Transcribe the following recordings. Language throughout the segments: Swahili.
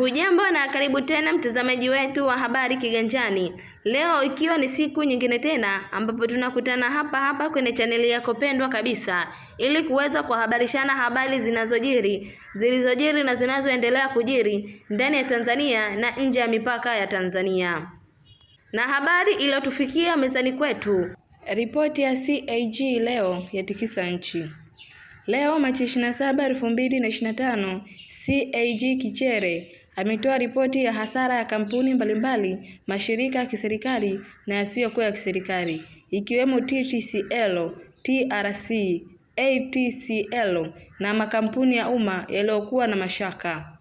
Hujambo na karibu tena mtazamaji wetu wa habari Kiganjani. Leo ikiwa ni siku nyingine tena ambapo tunakutana hapa hapa kwenye chaneli yako pendwa kabisa ili kuweza kuhabarishana habari zinazojiri, zilizojiri na zinazoendelea kujiri ndani ya Tanzania na nje ya mipaka ya Tanzania. Na habari iliyotufikia mezani kwetu, ripoti ya CAG leo yatikisa nchi. Leo Machi 27, 2025, CAG Kichere ametoa ripoti ya hasara ya kampuni mbalimbali, mashirika ya kiserikali na yasiyokuwa ya kiserikali ikiwemo TTCL, TRC, ATCL na makampuni ya umma yaliyokuwa na mashaka.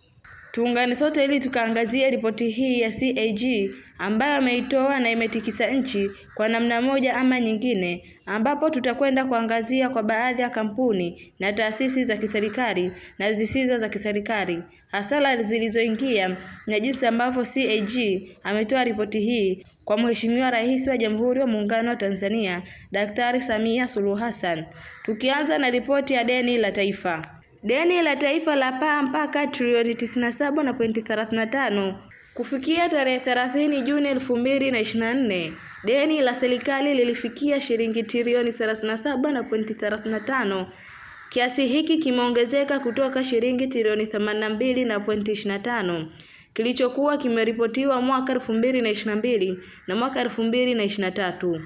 Tuungane sote ili tukaangazie ripoti hii ya CAG ambayo ameitoa na imetikisa nchi kwa namna moja ama nyingine, ambapo tutakwenda kuangazia kwa baadhi ya kampuni na taasisi za kiserikali na zisizo za kiserikali, hasara zilizoingia na jinsi ambavyo CAG ametoa ripoti hii kwa Mheshimiwa Rais wa Jamhuri wa Muungano wa Tanzania, Daktari Samia Suluhu Hassan, tukianza na ripoti ya deni la taifa. Deni la taifa la paa mpaka trilioni 97.35 kufikia tarehe 30 Juni 2024. Deni la serikali lilifikia shilingi trilioni 37.35. Kiasi hiki kimeongezeka kutoka shilingi trilioni 82.25 kilichokuwa kimeripotiwa mwaka 2022 na mwaka 2023.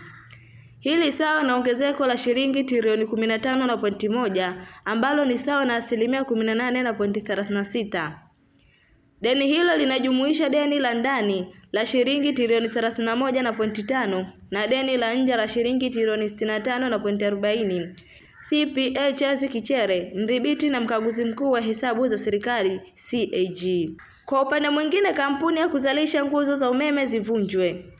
Hili sawa na ongezeko la shilingi trilioni 15 na pointi moja ambalo ni sawa na asilimia 18 na pointi 36. Deni hilo linajumuisha deni la ndani la shilingi trilioni 31 na pointi tano na deni la nje la shilingi trilioni 65 na pointi 40. CPA Charles Kichere, mdhibiti na mkaguzi mkuu wa hesabu za serikali CAG. Kwa upande mwingine, kampuni ya kuzalisha nguzo za umeme zivunjwe.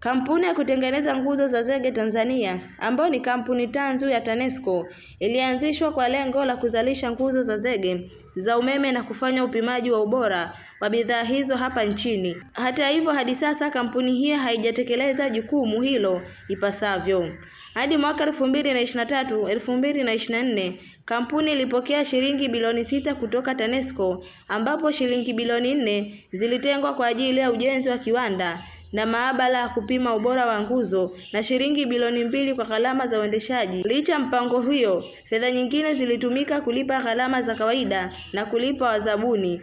Kampuni ya kutengeneza nguzo za zege Tanzania ambayo ni kampuni tanzu ya TANESCO ilianzishwa kwa lengo la kuzalisha nguzo za zege za umeme na kufanya upimaji wa ubora wa bidhaa hizo hapa nchini. Hata hivyo, hadi sasa kampuni hiyo haijatekeleza jukumu hilo ipasavyo. Hadi mwaka 2023 2024 kampuni ilipokea shilingi bilioni sita kutoka TANESCO ambapo shilingi bilioni nne zilitengwa kwa ajili ya ujenzi wa kiwanda na maabara ya kupima ubora wa nguzo na shilingi bilioni mbili kwa gharama za uendeshaji. Licha mpango huyo, fedha nyingine zilitumika kulipa gharama za kawaida na kulipa wazabuni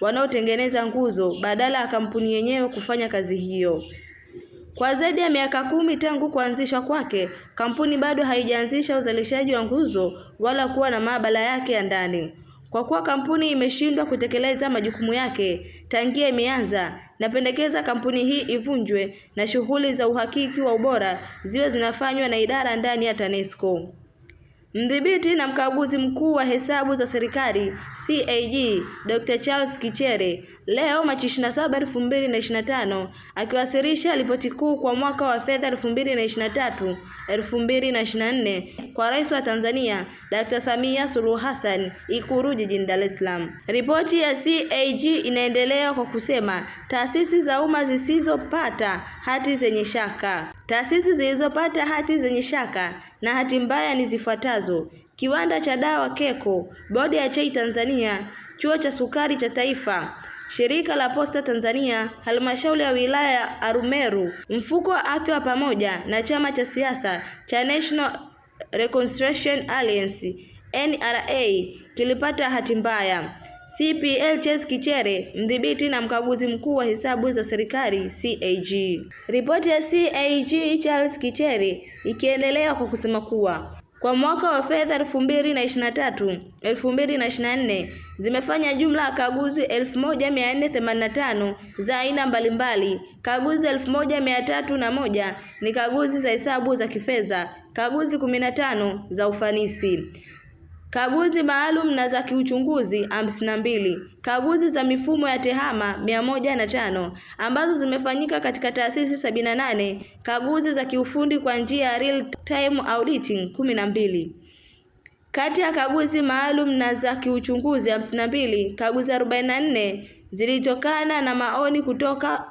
wanaotengeneza nguzo badala ya kampuni yenyewe kufanya kazi hiyo. Kwa zaidi ya miaka kumi tangu kuanzishwa kwake, kampuni bado haijaanzisha uzalishaji wa nguzo wala kuwa na maabara yake ya ndani. Kwa kuwa kampuni imeshindwa kutekeleza majukumu yake tangia imeanza, napendekeza kampuni hii ivunjwe na shughuli za uhakiki wa ubora ziwe zinafanywa na idara ndani ya TANESCO. Mdhibiti na mkaguzi mkuu wa hesabu za serikali CAG Dr. Charles Kichere leo Machi 27, 2025 akiwasilisha ripoti kuu kwa mwaka wa fedha 2023 2024 kwa Rais wa Tanzania Dr. Samia Suluhu Hassan Ikulu jijini Dar es Salaam. Ripoti ya CAG inaendelea kwa kusema taasisi za umma zisizopata hati zenye shaka, taasisi zilizopata hati zenye shaka na hati mbaya ni zifuatazo: ambazo kiwanda cha dawa keko bodi ya chai Tanzania, chuo cha sukari cha taifa, shirika la posta Tanzania, halmashauri ya wilaya ya Arumeru, mfuko wa afya wa pamoja na chama cha siasa cha National Reconstruction Alliance NRA kilipata hati mbaya. CPL Charles Kichere, mdhibiti na mkaguzi mkuu wa hesabu za serikali CAG. Ripoti ya CAG Charles Kichere ikiendelea kwa kusema kuwa kwa mwaka wa fedha 2023 2024 zimefanya jumla ya kaguzi 1485 za aina mbalimbali. Kaguzi moja ni kaguzi za hesabu za kifedha, kaguzi 15 za ufanisi kaguzi maalum na za kiuchunguzi hamsini na mbili, kaguzi za mifumo ya tehama mia moja na tano ambazo zimefanyika katika taasisi sabini na nane, kaguzi za kiufundi kwa njia ya real time auditing kumi na mbili. Kati ya kaguzi maalum na za kiuchunguzi hamsini na mbili, kaguzi arobaini na nne zilitokana na maoni kutoka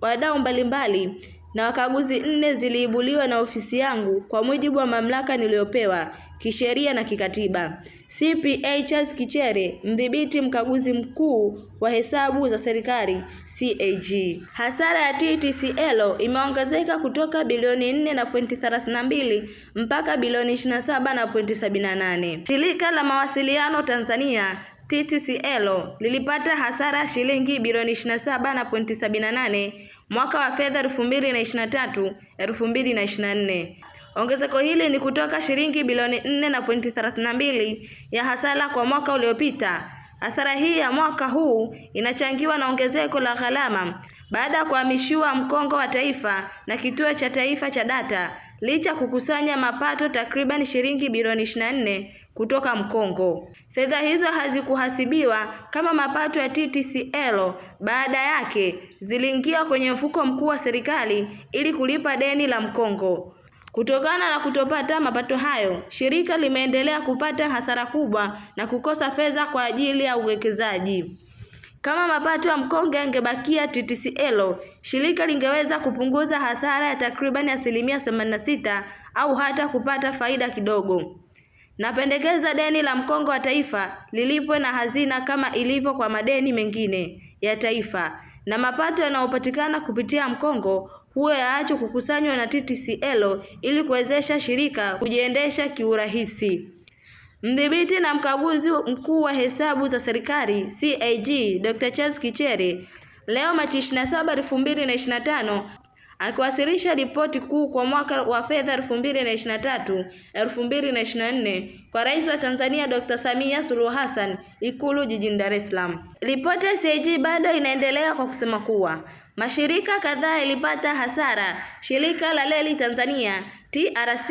wadau mbalimbali na wakaguzi nne ziliibuliwa na ofisi yangu kwa mujibu wa mamlaka niliyopewa kisheria na kikatiba. CPA Charles Kichere, mdhibiti mkaguzi mkuu wa hesabu za serikali CAG. Hasara ya TTCL imeongezeka kutoka bilioni 4 mpaka bilioni 27 78. Shirika la mawasiliano Tanzania TTCL lilipata hasara shilingi bilioni 27 na 78 mwaka wa fedha 2023 2024. Ongezeko hili ni kutoka shilingi bilioni 4 32 ya hasara kwa mwaka uliopita. Hasara hii ya mwaka huu inachangiwa na ongezeko la gharama baada ya kuhamishiwa mkongo wa taifa na kituo cha taifa cha data licha kukusanya mapato takriban shilingi bilioni 24 kutoka mkongo. Fedha hizo hazikuhasibiwa kama mapato ya TTCL, baada yake ziliingia kwenye mfuko mkuu wa serikali ili kulipa deni la mkongo. Kutokana na kutopata mapato hayo, shirika limeendelea kupata hasara kubwa na kukosa fedha kwa ajili ya uwekezaji. Kama mapato ya mkonge yangebakia TTCL, shirika lingeweza kupunguza hasara ya takribani asilimia sita au hata kupata faida kidogo. Napendekeza deni la mkonge wa taifa lilipwe na hazina kama ilivyo kwa madeni mengine ya taifa, na mapato yanayopatikana kupitia mkongo huyo yaacho kukusanywa na TTCL ili kuwezesha shirika kujiendesha kiurahisi. Mdhibiti na mkaguzi mkuu wa hesabu za serikali CAG Dr. Charles kicheri leo Machi 27, 2025 akiwasilisha ripoti kuu kwa mwaka wa fedha 2023 2024 kwa Rais wa Tanzania Dr. Samia Suluhu Hassan Ikulu jijini Dar es Salaam. Ripoti ya CAG bado inaendelea kwa kusema kuwa mashirika kadhaa yalipata hasara. Shirika la Reli Tanzania TRC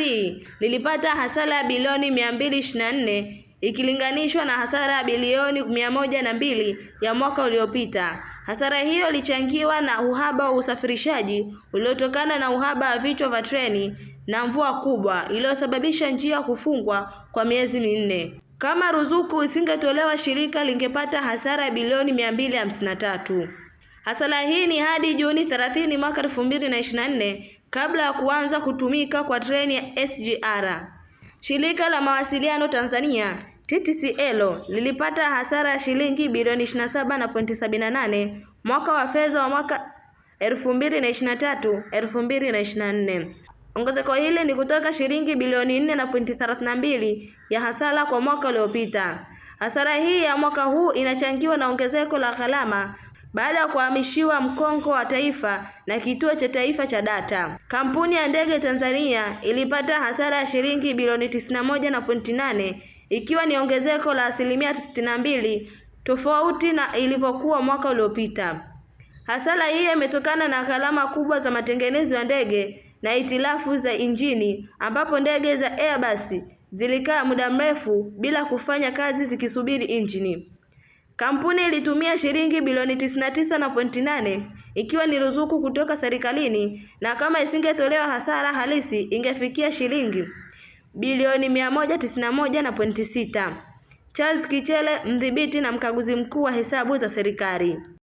lilipata hasara ya bilioni 224 ikilinganishwa na hasara ya bilioni mia moja na mbili ya mwaka uliopita. Hasara hiyo ilichangiwa na uhaba wa usafirishaji uliotokana na uhaba wa vichwa vya treni na mvua kubwa iliyosababisha njia kufungwa kwa miezi minne. Kama ruzuku isingetolewa, shirika lingepata hasara ya bilioni mia mbili hamsini na tatu. Hasara hii ni hadi Juni 30 mwaka 2024 kabla ya kuanza kutumika kwa treni ya SGR. Shirika la Mawasiliano Tanzania TTCL lilipata hasara ya shilingi bilioni 27.78 mwaka wa fedha wa mwaka 2023 2024. Ongezeko hili ni kutoka shilingi bilioni 4.32 ya hasara kwa mwaka uliopita. Hasara hii ya mwaka huu inachangiwa na ongezeko la gharama baada ya kuhamishiwa mkongo wa taifa na kituo cha taifa cha data. Kampuni ya ndege Tanzania ilipata hasara ya shilingi bilioni tisini na moja na pointi nane ikiwa ni ongezeko la asilimia sitini na mbili tofauti na ilivyokuwa mwaka uliopita. Hasara hiyo imetokana na gharama kubwa za matengenezo ya ndege na itilafu za injini ambapo ndege za Airbus zilikaa muda mrefu bila kufanya kazi zikisubiri injini. Kampuni ilitumia shilingi bilioni 99.8 ikiwa ni ruzuku kutoka serikalini na kama isingetolewa hasara halisi ingefikia shilingi bilioni 191.6. Charles Kichele, mdhibiti na mkaguzi mkuu wa hesabu za serikali.